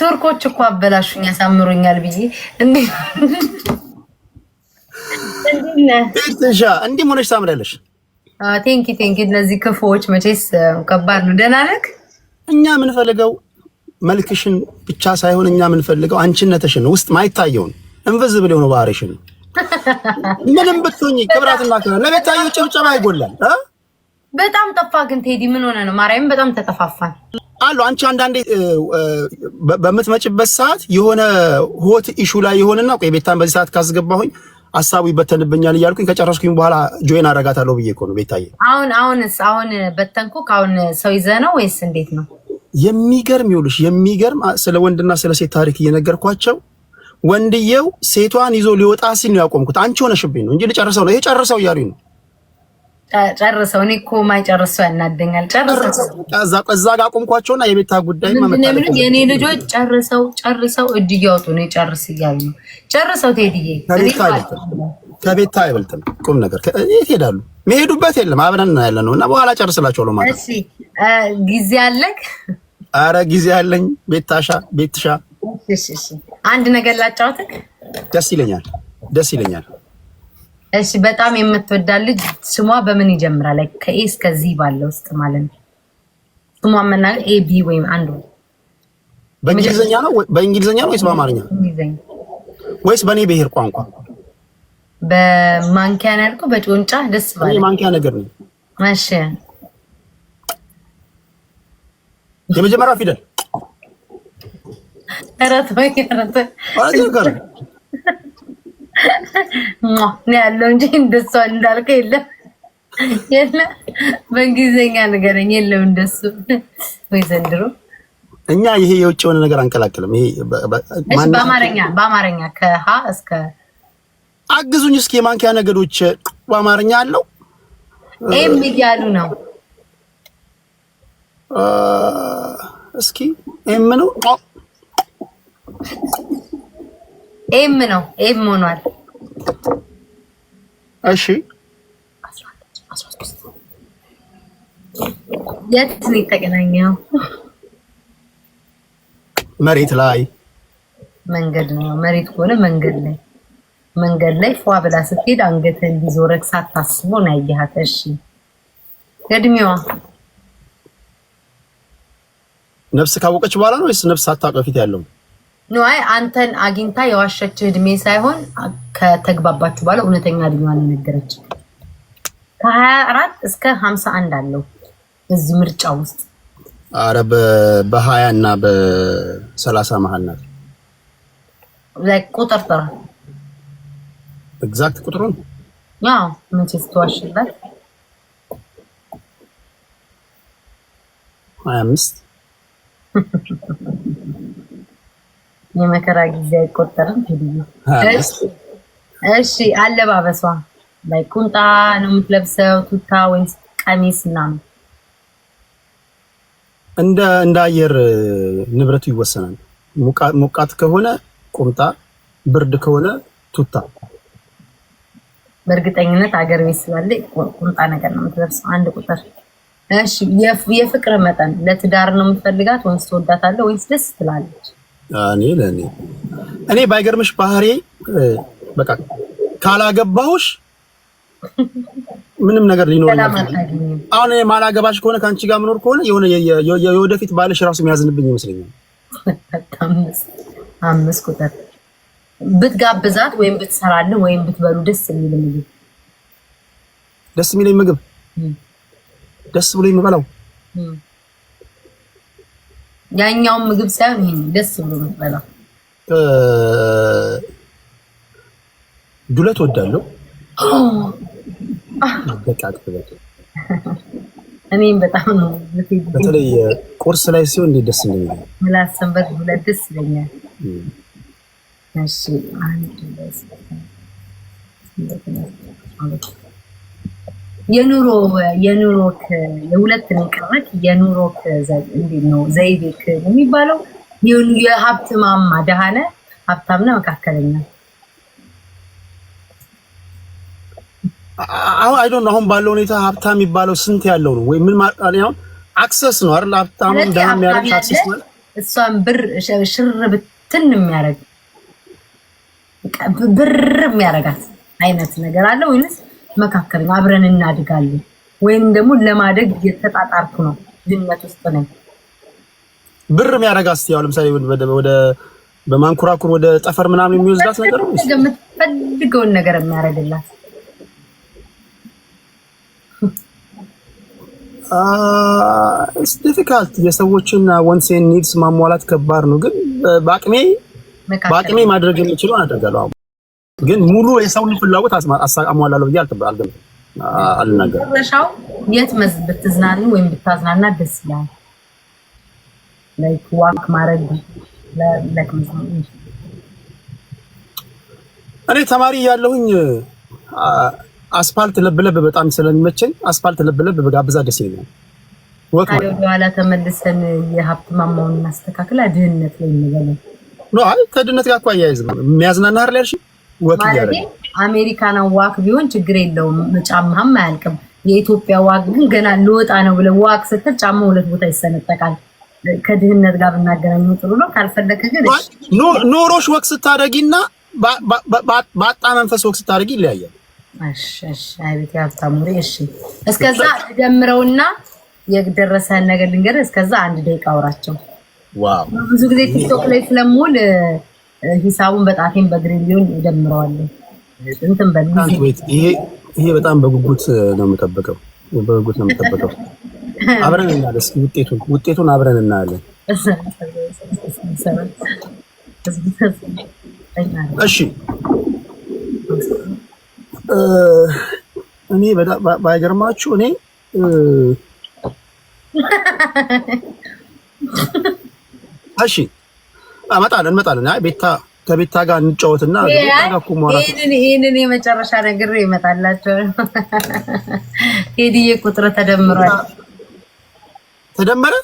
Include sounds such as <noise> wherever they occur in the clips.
ቱርኮች እኮ አበላሹኝ ያሳምሩኛል ብዬ እንሻ እንዲህ ሆነሽ ታምራለሽ። ቴንኪ ቴንኪ። እነዚህ ክፉዎች መቼስ ከባድ ነው። ደህና ነህ? እኛ የምንፈልገው መልክሽን ብቻ ሳይሆን እኛ የምንፈልገው አንቺነትሽን ውስጥ ማይታየውን እንቨዝብል የሆነ ባህሪሽን ምንም ብትሆኚ ክብራትና ክብራ ለቤታዩ ጭብጨባ ይጎላል። በጣም ጠፋ ግን ቴዲ ምን ሆነ ነው? ማርያምን በጣም ተከፋፋል። አሉ አንቺ አንዳንዴ በምትመጭበት ሰዓት የሆነ ሆት ኢሹ ላይ የሆነና ቆይ ቤታን በዚህ ሰዓት ካስገባሁኝ ሀሳቡ ይበተንብኛል እያልኩኝ ከጨረስኩኝ በኋላ ጆይን አረጋታለሁ ብዬ እኮ ነው። ቤታዬ አሁን አሁንስ አሁን በተንኩ አሁን ሰው ይዘ ነው ወይስ እንዴት ነው? የሚገርም ይውልሽ፣ የሚገርም ስለ ወንድና ስለ ሴት ታሪክ እየነገርኳቸው ወንድየው ሴቷን ይዞ ሊወጣ ሲል ነው ያቆምኩት። አንቺ ሆነሽብኝ ነው እንጂ ልጨርሰው ነው ይሄ ጨርሰው እያሉኝ ነው ጨርሰው እኔ እኮ ማይጨርስ ሰው ያናደኛል። እዛ ጋ ቆምኳቸውና የቤታ ጉዳይ የኔ ልጆች ጨርሰው ጨርሰው እድ እያወጡ ነው ጨርስ እያሉ ነው ጨርሰው። ቴድዬ ከቤታ አይበልጥም ቁም ነገር የት ሄዳሉ? መሄዱበት የለም አብረን ያለ ነው እና በኋላ ጨርስላቸው ነው ማለት ጊዜ አለክ? አረ ጊዜ አለኝ። ቤታሻ ቤትሻ አንድ ነገር ላጫወትክ ደስ ይለኛል፣ ደስ ይለኛል እሺ በጣም የምትወዳ ልጅ ስሟ በምን ይጀምራል? ላይ ከኤ እስከ ዚ ባለው ውስጥ ማለት ነው። ስሟ መናገር ኤ ቢ ወይም አንዱ በእንግሊዘኛ ነው። በእንግሊዘኛ ነው ወይስ በአማርኛ ወይስ በኔ ብሔር ቋንቋ? በማንኪያ ነው ያልኩህ፣ በጮንጫ ደስ ባለ ማንኪያ ነገር ነው። እሺ የመጀመሪያው ፊደል ኧረ ተወኝ ኧረ ተወኝ ነው ያለው እንጂ እንደሷ እንዳልከ የለም የለም። በእንግሊዝኛ ነገረኝ የለም እንደሱ ወይ ዘንድሮ እኛ ይሄ የውጭ የሆነ ነገር አንቀላቅልም። ይሄ በአማርኛ በአማርኛ ከሀ እስከ አግዙኝ እስኪ የማንኪያ ነገዶች በአማርኛ አለው። ኤም እያሉ ነው። እስኪ ኤም ነው ኤም ነው ኤም ሆኗል። እሺ የት ነው የተገናኘው? መሬት ላይ መንገድ ነው። መሬት ከሆነ መንገድ ላይ መንገድ ላይ ፏ ብላ ስትሄድ አንገተ ቢዞረክ ሳታስቦ ነው ያየሃት። እሺ እድሜዋ ነፍስ ካወቀች በኋላ ነው ወይስ ነፍስ ሳታውቀው ፊት ያለው? ንዋይ አንተን አግኝታ የዋሸች እድሜ ሳይሆን ከተግባባችሁ በኋላ እውነተኛ እድሜዋን ነገረች። ከሀያ አራት እስከ ሀምሳ አንድ አለው እዚህ ምርጫ ውስጥ አረ በሀያ እና በሰላሳ መሀል ናት። ቁጥር ጥር ኤግዛክት ቁጥሩን ያው መቼ ስትዋሽላት ሀያ አምስት <laughs> የመከራ ጊዜ አይቆጠርም። እሺ፣ አለባበሷ ላይ ቁምጣ ነው የምትለብሰው ቱታ ወይስ ቀሚስ ምናምን? እንደ እንደ አየር ንብረቱ ይወሰናል። ሞቃት ከሆነ ቁምጣ፣ ብርድ ከሆነ ቱታ። በእርግጠኝነት አገር ቤት ስላለ ቁምጣ ነገር ነው የምትለብሰው። አንድ ቁጥር። እሺ፣ የፍቅር መጠን ለትዳር ነው የምትፈልጋት ወይስ ትወዳታለህ ወይስ ደስ ትላለች? እኔ ለእኔ እኔ ባይገርምሽ ባህሬ በቃ ካላገባሁሽ ምንም ነገር ሊኖር አሁን ማላገባሽ ከሆነ ከአንቺ ጋር ምኖር ከሆነ የሆነ የወደፊት ባልሽ ራሱ የሚያዝንብኝ ይመስለኛል። <laughs> አምስት ቁጥር ብትጋብዛት ወይም ብትሰራልን ወይም ብትበሉ ደስ የሚል ምግብ ደስ የሚለኝ ምግብ ደስ ብሎ የምበላው ያኛውን ምግብ ሳይሆን ይሄን ደስ ብሎ የምትበላው ዱለት ወዳለሁ። እኔም በጣም ነው። በተለይ ቁርስ ላይ ሲሆን እንዴት ደስ እንደሚል ምላስ ሰንበት ዱለት ደስ ይለኛል። እሺ አንድ የኑሮ የኑሮክ የሁለት ነው የቀረክ የኑሮክ እንዴት ነው ዘይቤክ የሚባለው? የሀብት ማማ ደሃነ ሀብታምና መካከለኛ አሁን አይ ዶንት አሁን ባለው ሁኔታ ሀብታም የሚባለው ስንት ያለው ነው ወይ ምን ማለት አሁን አክሰስ ነው አይደል? ሀብታም ደሃ የሚያደርግ አክሰስ ነው። እሷን ብር ሽር ብትን የሚያደርግ ብር የሚያደርጋት አይነት ነገር አለ ወይንስ መካከል ነው። አብረን እናድጋለን ወይም ደግሞ ለማደግ እየተጣጣርኩ ነው። ድነት ውስጥ ነኝ። ብር የሚያደርግ እስቲ ያው ለምሳሌ ወደ በማንኩራኩር ወደ ጠፈር ምናምን የሚወስዳት ነገር ነው። የምትፈልገውን ነገር የሚያደርግላት ኢትስ ዲፊካልት። የሰዎችን ወንሴን ኒድስ ማሟላት ከባድ ነው፣ ግን በአቅሜ በአቅሜ ማድረግ የሚችለው አደርጋለሁ። ግን ሙሉ የሰውን ፍላጎት አሟላለሁ ብዬ አልገምትም፣ አልናገርም። መሻው የት መስ ብትዝናኑ ወይም ብታዝናና ደስ ይላል። ላይክ ዋክ ማድረግ ላይክ እኔ ተማሪ ያለሁኝ አስፋልት ለብለብ በጣም ስለሚመቸኝ አስፋልት ለብለብ በጋብዛ ደስ ይለኛል። ወክ ወደኋላ ተመልሰን የሀብት ማማውን እናስተካክል። ድህነት ላይ እንበለን። አይ ከድህነት ጋር እኮ አያይዝም የሚያዝናና አይደል ያልሽኝ አሜሪካን ዋክ ቢሆን ችግር የለውም፣ ጫማም አያልቅም። የኢትዮጵያ ዋክ ግን ገና ልወጣ ነው ብለ ዋክ ስትል ጫማ ሁለት ቦታ ይሰነጠቃል። ከድህነት ጋር ብናገናኘው ጥሩ ነው። ካልፈለክ ግን ኖሮሽ ወቅ ስታደርጊ በአጣ መንፈስ ወቅ ስታደርጊ ይለያያል። ቤት ያብታሙሪ። እሺ፣ እስከዛ ጀምረውና የደረሰህን ነገር ልንገርህ። እስከዛ አንድ ደቂቃ አውራቸው። ብዙ ጊዜ ቲክቶክ ላይ ስለምውል ሂሳቡን በጣቴን በግሪሊዮን እደምረዋለሁ። እንትን ይሄ በጣም በጉጉት ነው የምጠብቀው፣ በጉጉት ነው የምጠብቀው። አብረን እናያለን። እስኪ ውጤቱን ውጤቱን አብረን እናያለን። እሺ እኔ ባይገርማችሁ እኔ <laughs> እሺ አመጣለን እንመጣለን። አይ ቤታ ከቤታ ጋር እንጫወትና ይሄንን የመጨረሻ ነገር ይመጣላቸው። ሄድዬ ቁጥር ተደምሯል። ተደመረ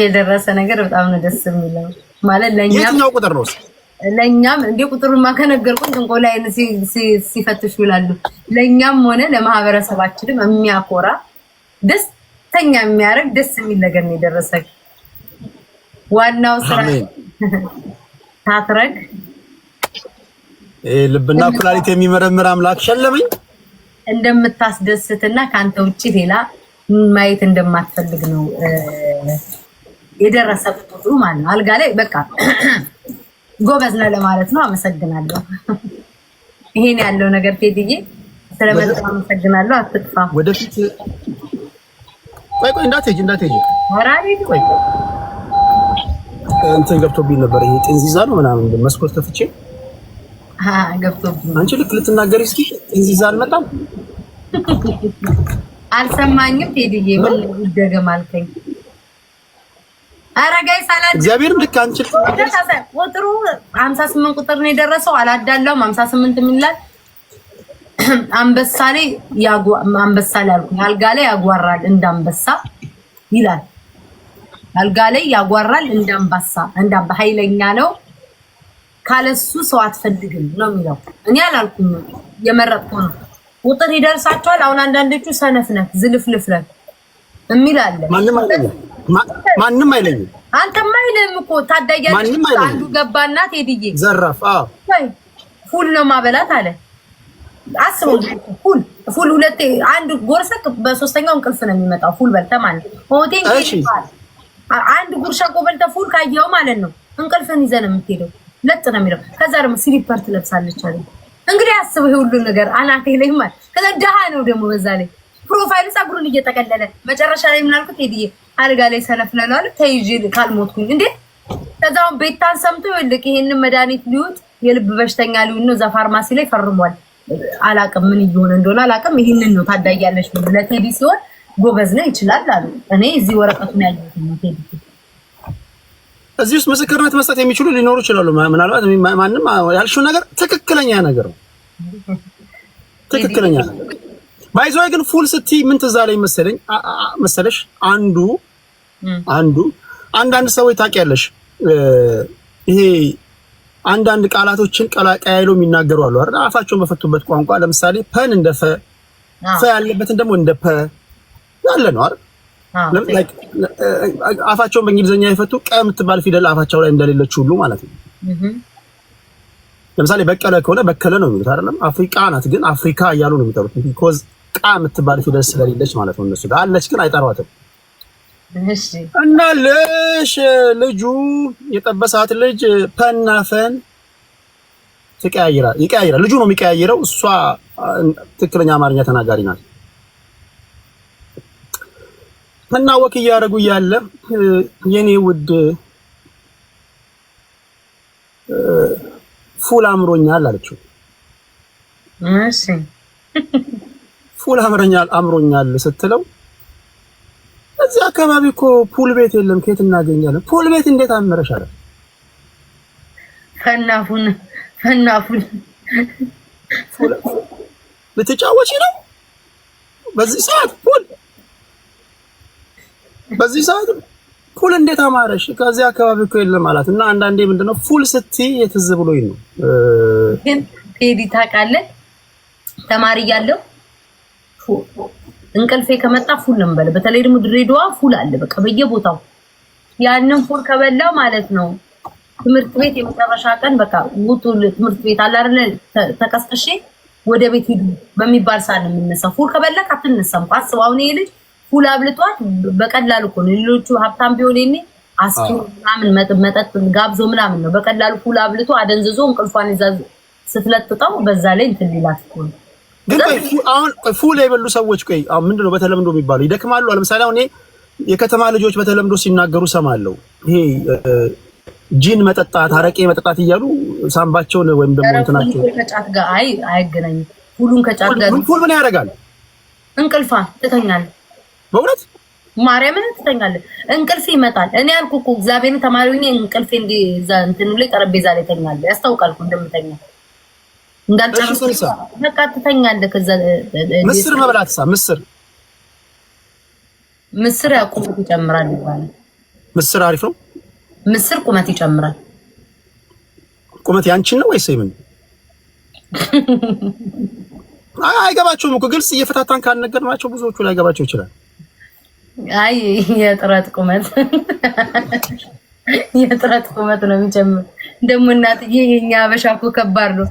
የደረሰ ነገር በጣም ነው ደስ የሚለው። ማለት ለእኛም የትኛው ቁጥር ነው? ለእኛም እንደ ቁጥሩማ ከነገርኩን ጥንቆላዬን ሲፈትሹ ይላሉ። ለእኛም ሆነ ለማህበረሰባችንም የሚያኮራ ደስተኛ የሚያደርግ ደስ የሚል ነገር ነው የደረሰ ዋናው ስራ ታትረግ ልብና ኩላሊት የሚመረምር አምላክ ሸለመኝ። እንደምታስደስትና ከአንተ ውጭ ሌላ ማየት እንደማትፈልግ ነው የደረሰበት ሁሉ ማለት ነው። አልጋ ላይ በቃ <clears throat> ጎበዝ ነው ለማለት ነው። አመሰግናለሁ። <laughs> ይሄን ያለው ነገር ቴድዬ ስለመጣ አመሰግናለሁ። አትጥፋ ወደፊት ቆይ ቆይ እንዳትሄጂ እንዳትሄጂ እንትን ገብቶብኝ ነበር። ይሄ ጥንዚዛ ነው ምናምን መስኮት ከፍቼ ገብቶብኝ። አንቺ ልክ ልትናገሪ እስኪ ጥንዚዛ አልመጣም አልሰማኝም። ቴዲዬ ምን ይደገም አልከኝ። አረጋይ ሳላት እግዚአብሔር ልክ አንቺ ቁጥሩ 58 ቁጥር ነው የደረሰው። አላዳላውም 58 የሚላል አንበሳ ላይ ያጓ አንበሳ ላይ አልኩኝ። አልጋ ላይ ያጓራል እንዳንበሳ ይላል አልጋ ላይ ያጓራል እንዳንባሳ እንዳንባ ኃይለኛ ነው። ካለሱ ሰው አትፈልግም ነው የሚለው። እኔ አላልኩም፣ የመረጥኩ ነው። ቁጥር ይደርሳቸዋል። አሁን አንዳንዶቹ ሰነፍነት ዝልፍልፍነት የሚል አለ። ማንም አይለኝም። አንተማ አይልህም እኮ ታዳያ አንዱ ገባና ቴድዬ ዘራፍ ፉል ነው ማበላት አለ። አስበው ፉል ፉል ሁለቴ አንዱ ጎርሰክ በሶስተኛው እንቅልፍ ነው የሚመጣው። ፉል በልተህ ማለት ሆቴል አንድ ጉርሻ ቆበልተ ፉል ካየው ማለት ነው እንቅልፍን ይዘህ ነው የምትሄደው። ለጥ ነው የሚለው። ከዛ ደግሞ ስሊፐር ትለብሳለች አለ። እንግዲህ አስበው ይሄ ነገር አናቴ ላይ ማለት ከዛ ደሃ ነው ደግሞ በዛ ላይ ፕሮፋይል ፀጉሩን እየጠቀለለ መጨረሻ ላይ ምን አልኩት? ቴዲዬ አልጋ ላይ ሰነፍለናል ተይዤ ካልሞትኩኝ እንዴ። ከዛውን ቤታን ሰምቶ ይልቅ ይሄንን መድኃኒት ሊውጥ የልብ በሽተኛ ሊሆን ነው። እዛ ፋርማሲ ላይ ፈርሟል። አላቅም ምን እየሆነ እንደሆነ አላቅም። ይህንን ነው ታዳጊ ለቴዲ ሲሆን ጎበዝ ነው ይችላል አሉ። እኔ እዚህ ወረቀቱን ያየሁት እዚህ ውስጥ ምስክርነት መስጠት የሚችሉ ሊኖሩ ይችላሉ። ምናልባት ማንም ያልሽው ነገር ትክክለኛ ነገር ነው፣ ትክክለኛ ነገር ባይዞ ግን ፉል ስቲ ምን ትዝ አለኝ መሰለኝ መሰለሽ አንዱ አንዱ አንዳንድ ሰዎች ታውቂያለሽ፣ ይሄ አንዳንድ ቃላቶችን ቀላቀያይሎ የሚናገሩ አሉ አይደል? አፋቸውን በፈቱበት ቋንቋ ለምሳሌ ፐን እንደ ፈ ፈ ያለበትን ደግሞ እንደ ፐ ያለ ነው አይደል? አፋቸውን በእንግሊዝኛ የፈቱ ቀ የምትባል ፊደል አፋቸው ላይ እንደሌለች ሁሉ ማለት ነው። ለምሳሌ በቀለ ከሆነ በከለ ነው የሚሉት አይደለም። አፍሪቃ ናት ግን አፍሪካ እያሉ ነው የሚጠሩት። ቢኮዝ ቃ የምትባል ፊደል ስለሌለች ማለት ነው። እነሱ ጋር አለች ግን አይጠሯትም። እና ልሽ ልጁ የጠበሳት ልጅ ፐናፈን ይቀያይራል። ልጁ ነው የሚቀያይረው። እሷ ትክክለኛ አማርኛ ተናጋሪ ናት። እና ወክ እያደረጉ እያለ የኔ ውድ ፉል አምሮኛል አለችው። እሺ ፉል አምሮኛል አምሮኛል ስትለው እዚህ አካባቢ እኮ ፑል ቤት የለም፣ ከየት እናገኛለን? ፑል ቤት እንዴት አመረሽ አለ። ፈናፉን ፈናፉን ልትጫወቺ ነው በዚህ ሰዓት ፑል በዚህ ሰዓት ፉል እንዴት አማረሽ ከዚህ አካባቢ እኮ የለም ማለት እና አንዳንዴ ምንድነው ፉል ስትይ የትዝ ብሎኝ ነው። ግን ቴዲ ታውቃለህ ተማሪ እያለሁ እንቅልፌ ከመጣ ፉል ነው የምበለው። በተለይ ደግሞ ድሬዳዋ ፉል አለ በቃ በየቦታው ያንን ፉል ከበላው ማለት ነው ትምህርት ቤት የመጨረሻ ቀን በቃ ውጡ ትምህርት ቤት አለ አይደል ተቀስቅሼ ወደ ቤት ሂዱ በሚባል ሰዓት ነው የምነሳው። ፉል ከበላ አትነሳም። አስበው አሁን ይሄ ልጅ ሁላ አብልጧት በቀላሉ እኮ ነው። ሌሎቹ ሀብታም ቢሆን ይኔ አስኪ ምናምን መጠጥ ጋብዞ ምናምን ነው። በቀላሉ ሁላ አብልቶ አደንዝዞ እንቅልፏን ይዛ ስትለጥጠው በዛ ላይ እንትን ሊላት እኮ ነው። ግን አሁን ፉል የበሉ ሰዎች ቆይ አሁን ምንድነው በተለምዶ የሚባሉ ይደክማሉ። ለምሳሌ አሁን የከተማ ልጆች በተለምዶ ሲናገሩ ሰማለው ይሄ ጂን መጠጣት፣ አረቄ መጠጣት እያሉ ሳምባቸውን ወይም ደግሞ እንትናቸው ከጫት ጋር አይ አይገናኝም። ሁሉን ከጫት ጋር ፉል ምን ያደርጋል? እንቅልፋ ትተኛለህ በእውነት ማርያምን ትተኛለህ፣ እንቅልፍ ይመጣል። እኔ አልኩህ እኮ እግዚአብሔርን ተማሪ ሆኜ እንቅልፍ እንዲ እንትኑ ላይ ጠረጴዛ ላይ ተኛለህ፣ ያስታውቃል እኮ እንደምተኛ እንዳልጨርስ በቃ ትተኛለህ። ከዛ ምስር መብላት ሳ ምስር ምስር ያው ቁመት ይጨምራል ይባላል። ምስር አሪፍ ነው። ምስር ቁመት ይጨምራል። ቁመት ያንቺን ነው ወይስ ምን? <laughs> አይገባቸውም እኮ ግልጽ እየፈታታን ካልነገርናቸው ብዙዎቹ ላይገባቸው ይችላል። አይ የጥረት ቁመት <laughs> የጥረት ቁመት ነው የሚጨምር። ደግሞ እናትዬ የኛ አበሻ እኮ ከባድ ነው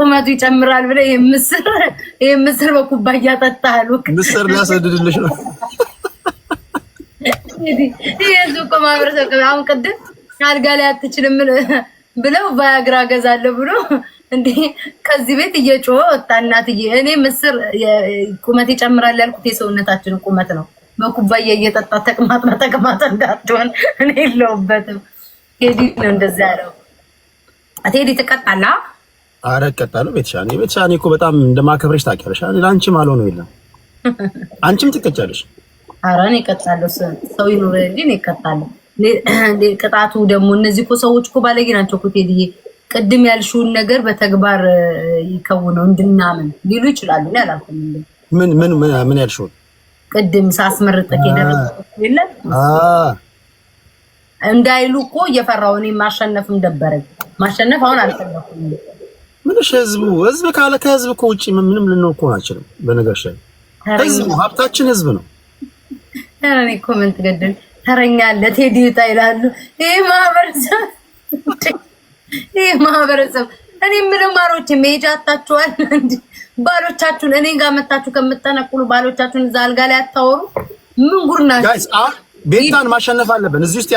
ቁመቱ ይጨምራል ብለ ይሄ <laughs> ምስር በኩባያ ጠጣሉ ምስር ላስወድድልሽ ነው ይሄ እኮ ማህበረሰብ አሁን ቅድም አልጋ ላይ አትችልም ብለው ቫያግራ ገዛለሁ ብሎ እንዴ ከዚህ ቤት እየጮኸ ወጣ። እናትዬ እኔ ምስር ቁመት ይጨምራል ያልኩት የሰውነታችን ቁመት ነው። በኩባያ እየጠጣ ተቅማጥ በተቅማጥ እንዳትሆን እኔ የለውበትም። ቴዲ ነው እንደዚያ ያለው። ቴዲ ትቀጣላ? አረ እቀጣለሁ። ቤተሻኔ ቤተሻኔ እኮ በጣም እንደማከብረሽ ታውቂያለሽ። ለአንቺም አልሆነው የለም <laughs> አንቺም ትቀጫለሽ። አረ እኔ እቀጣለሁ። ሰው ይኑር እንጂ እኔ እቀጣለሁ። <clears throat> ቅጣቱ ደግሞ እነዚህ እኮ ሰዎች እኮ ባለጌ ናቸው እኮ ቴዲዬ። ቅድም ያልሽውን ነገር በተግባር ይከውነው እንድናምን ሊሉ ይችላሉ። እኔ አላልኩም። ምን ምን ምን ያልሽውን ቅድም ሳስመርጠት የደረስኩት የለም እንዳይሉ እኮ እየፈራሁ እኔ ማሸነፍም ደበረኝ። ማሸነፍ አሁን አልፈለኩም። ምንሽ ህዝቡ ህዝብ ካለ ከህዝብ እኮ ውጭ ምንም ልንሆን እኮ አንችልም። በነገርሽ ህዝቡ ሀብታችን ህዝብ ነው። እኔ ኮመንት ገድል ትገድል ተረኛ ለቴዲ ዕጣ ይላሉ። ይህ ማህበረሰብ ይህ ማህበረሰብ እኔ የምለው ማሮቼ መሄጃ አታችኋል እንዲ ባሎቻችሁን እኔ ጋር መታችሁ ከምጠነቁሉ ባሎቻችሁን እዛ አልጋ ላይ አታወሩ። ምን ጉድ ናችሁ? ቤታን ማሸነፍ አለብን እዚህ ውስጥ